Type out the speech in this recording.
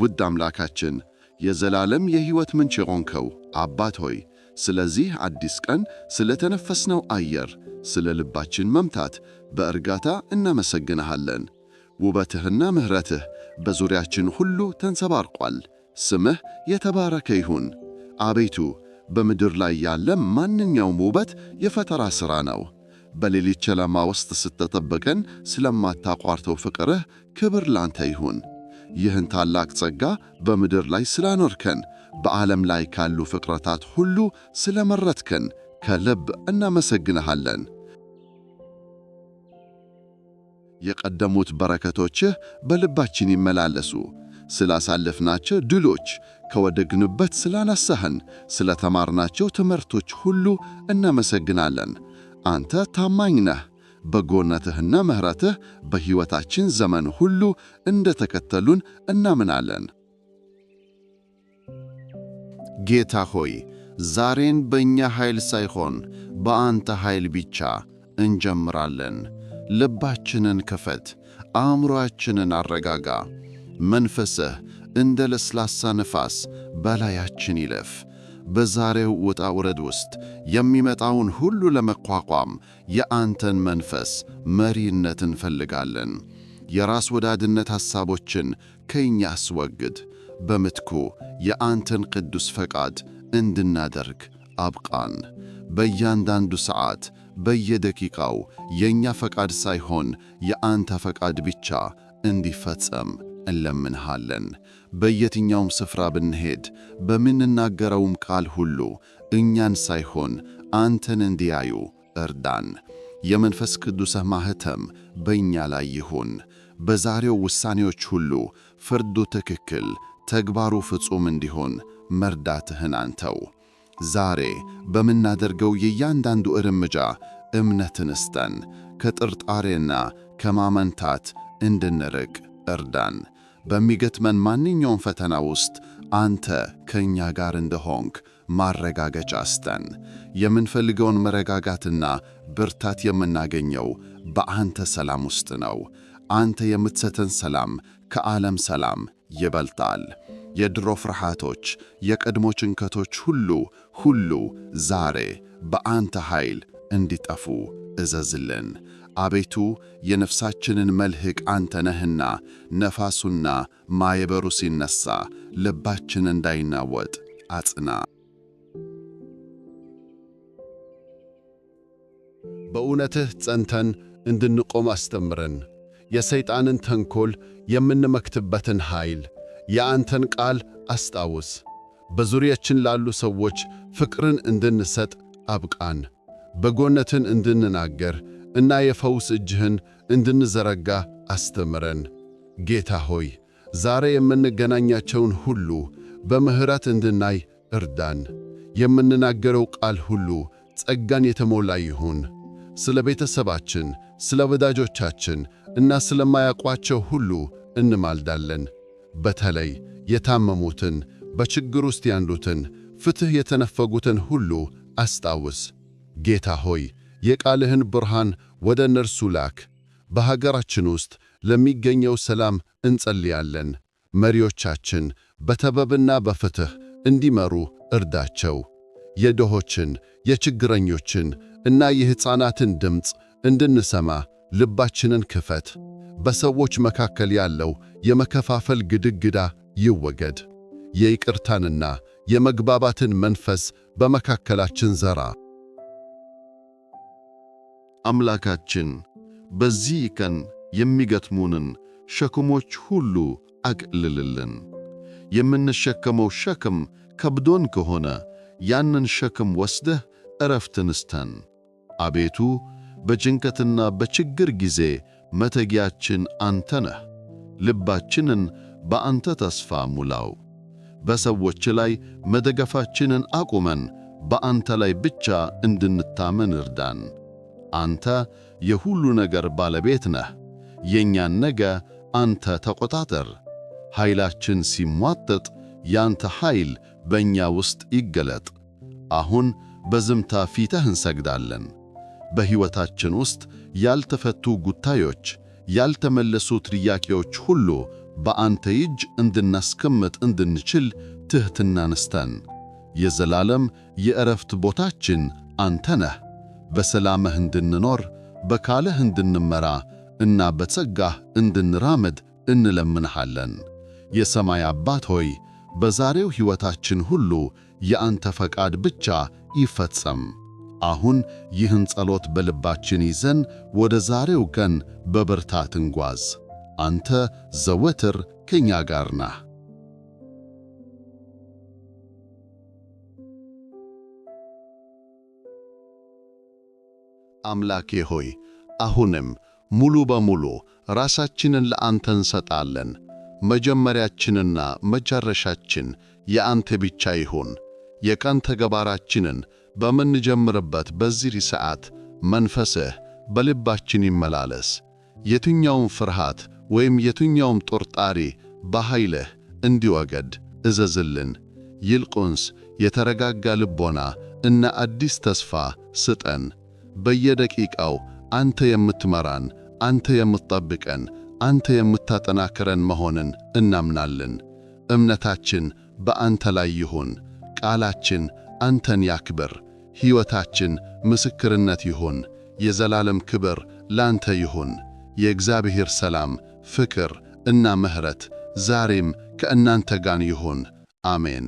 ውድ አምላካችን የዘላለም የሕይወት ምንጭ የሆንከው አባት ሆይ ስለዚህ አዲስ ቀን፣ ስለተነፈስነው አየር፣ ስለ ልባችን መምታት በእርጋታ እናመሰግንሃለን። ውበትህና ምሕረትህ በዙሪያችን ሁሉ ተንሰባርቋል። ስምህ የተባረከ ይሁን። አቤቱ በምድር ላይ ያለ ማንኛውም ውበት የፈጠራ ሥራ ነው። በሌሊት ጨለማ ውስጥ ስትጠብቀን ስለማታቋርተው ፍቅርህ ክብር ላንተ ይሁን። ይህን ታላቅ ጸጋ በምድር ላይ ስላኖርከን፣ በዓለም ላይ ካሉ ፍጥረታት ሁሉ ስለመረጥከን ከልብ እናመሰግንሃለን። የቀደሙት በረከቶችህ በልባችን ይመላለሱ። ስላሳለፍናቸው ድሎች፣ ከወደግንበት ስላነሳህን፣ ስለተማርናቸው ትምህርቶች ሁሉ እናመሰግናለን። አንተ ታማኝ ነህ። በጎነትህና ምሕረትህ በሕይወታችን ዘመን ሁሉ እንደተከተሉን እናምናለን። ጌታ ሆይ ዛሬን በእኛ ኃይል ሳይሆን በአንተ ኃይል ብቻ እንጀምራለን። ልባችንን ክፈት፣ አእምሮአችንን አረጋጋ። መንፈስህ እንደ ለስላሳ ነፋስ በላያችን ይለፍ። በዛሬው ውጣ ውረድ ውስጥ የሚመጣውን ሁሉ ለመቋቋም የአንተን መንፈስ መሪነት እንፈልጋለን። የራስ ወዳድነት ሐሳቦችን ከእኛ አስወግድ። በምትኩ የአንተን ቅዱስ ፈቃድ እንድናደርግ አብቃን። በእያንዳንዱ ሰዓት፣ በየደቂቃው የእኛ ፈቃድ ሳይሆን የአንተ ፈቃድ ብቻ እንዲፈጸም እንለምንሃለን። በየትኛውም ስፍራ ብንሄድ በምንናገረውም ቃል ሁሉ እኛን ሳይሆን አንተን እንዲያዩ እርዳን። የመንፈስ ቅዱስህ ማህተም በእኛ ላይ ይሁን። በዛሬው ውሳኔዎች ሁሉ ፍርዱ ትክክል፣ ተግባሩ ፍጹም እንዲሆን መርዳትህን አንተው። ዛሬ በምናደርገው የእያንዳንዱ እርምጃ እምነትን ስጠን። ከጥርጣሬና ከማመንታት እንድንርቅ እርዳን። በሚገጥመን ማንኛውም ፈተና ውስጥ አንተ ከእኛ ጋር እንደሆንክ ማረጋገጫ አስተን የምንፈልገውን መረጋጋትና ብርታት የምናገኘው በአንተ ሰላም ውስጥ ነው። አንተ የምትሰተን ሰላም ከዓለም ሰላም ይበልጣል። የድሮ ፍርሃቶች፣ የቀድሞ ጭንቀቶች ሁሉ ሁሉ ዛሬ በአንተ ኃይል እንዲጠፉ እዘዝልን። አቤቱ የነፍሳችንን መልሕቅ አንተ ነህና፣ ነፋሱና ማየበሩ ሲነሣ ልባችን እንዳይናወጥ አጽና። በእውነትህ ጸንተን እንድንቆም አስተምረን። የሰይጣንን ተንኰል የምንመክትበትን ኃይል የአንተን ቃል አስታውስ። በዙሪያችን ላሉ ሰዎች ፍቅርን እንድንሰጥ አብቃን። በጎነትን እንድንናገር እና የፈውስ እጅህን እንድንዘረጋ አስተምረን። ጌታ ሆይ ዛሬ የምንገናኛቸውን ሁሉ በምሕረት እንድናይ እርዳን። የምንናገረው ቃል ሁሉ ጸጋን የተሞላ ይሁን። ስለ ቤተሰባችን፣ ስለ ወዳጆቻችን እና ስለማያውቋቸው ሁሉ እንማልዳለን። በተለይ የታመሙትን፣ በችግር ውስጥ ያሉትን፣ ፍትሕ የተነፈጉትን ሁሉ አስታውስ። ጌታ ሆይ የቃልህን ብርሃን ወደ እነርሱ ላክ። በሀገራችን ውስጥ ለሚገኘው ሰላም እንጸልያለን። መሪዎቻችን በተበብና በፍትሕ እንዲመሩ እርዳቸው። የድሆችን፣ የችግረኞችን እና የሕፃናትን ድምፅ እንድንሰማ ልባችንን ክፈት። በሰዎች መካከል ያለው የመከፋፈል ግድግዳ ይወገድ። የይቅርታንና የመግባባትን መንፈስ በመካከላችን ዘራ። አምላካችን በዚህ ቀን የሚገጥሙንን ሸክሞች ሁሉ አቅልልልን። የምንሸከመው ሸክም ከብዶን ከሆነ ያንን ሸክም ወስደህ ዕረፍትን ስተን። አቤቱ በጭንቀትና በችግር ጊዜ መተጊያችን አንተ ነህ። ልባችንን በአንተ ተስፋ ሙላው። በሰዎች ላይ መደገፋችንን አቁመን በአንተ ላይ ብቻ እንድንታመን እርዳን። አንተ የሁሉ ነገር ባለቤት ነህ። የእኛን ነገ አንተ ተቆጣጠር። ኃይላችን ሲሟጠጥ ያንተ ኃይል በእኛ ውስጥ ይገለጥ። አሁን በዝምታ ፊትህ እንሰግዳለን። በሕይወታችን ውስጥ ያልተፈቱ ጉዳዮች፣ ያልተመለሱ ጥያቄዎች ሁሉ በአንተ እጅ እንድናስቀምጥ እንድንችል ትሕትናን ስጠን። የዘላለም የእረፍት ቦታችን አንተ ነህ። በሰላምህ እንድንኖር በቃልህ እንድንመራ እና በጸጋህ እንድንራመድ እንለምንሃለን። የሰማይ አባት ሆይ በዛሬው ሕይወታችን ሁሉ የአንተ ፈቃድ ብቻ ይፈጸም። አሁን ይህን ጸሎት በልባችን ይዘን ወደ ዛሬው ቀን በብርታት እንጓዝ። አንተ ዘወትር ከኛ ጋር ነህ። አምላኬ ሆይ አሁንም ሙሉ በሙሉ ራሳችንን ለአንተ እንሰጣለን። መጀመሪያችንና መጨረሻችን የአንተ ብቻ ይሁን። የቀን ተግባራችንን በምንጀምርበት በዚህ ሰዓት መንፈስህ በልባችን ይመላለስ። የትኛውም ፍርሃት ወይም የትኛውም ጦርጣሪ በኃይልህ እንዲወገድ እዘዝልን። ይልቁንስ የተረጋጋ ልቦና እና አዲስ ተስፋ ስጠን። በየደቂቃው አንተ የምትመራን፣ አንተ የምትጠብቀን፣ አንተ የምታጠናክረን መሆንን እናምናለን። እምነታችን በአንተ ላይ ይሁን። ቃላችን አንተን ያክብር። ሕይወታችን ምስክርነት ይሁን። የዘላለም ክብር ላንተ ይሁን። የእግዚአብሔር ሰላም፣ ፍቅር እና ምሕረት ዛሬም ከእናንተ ጋር ይሁን። አሜን።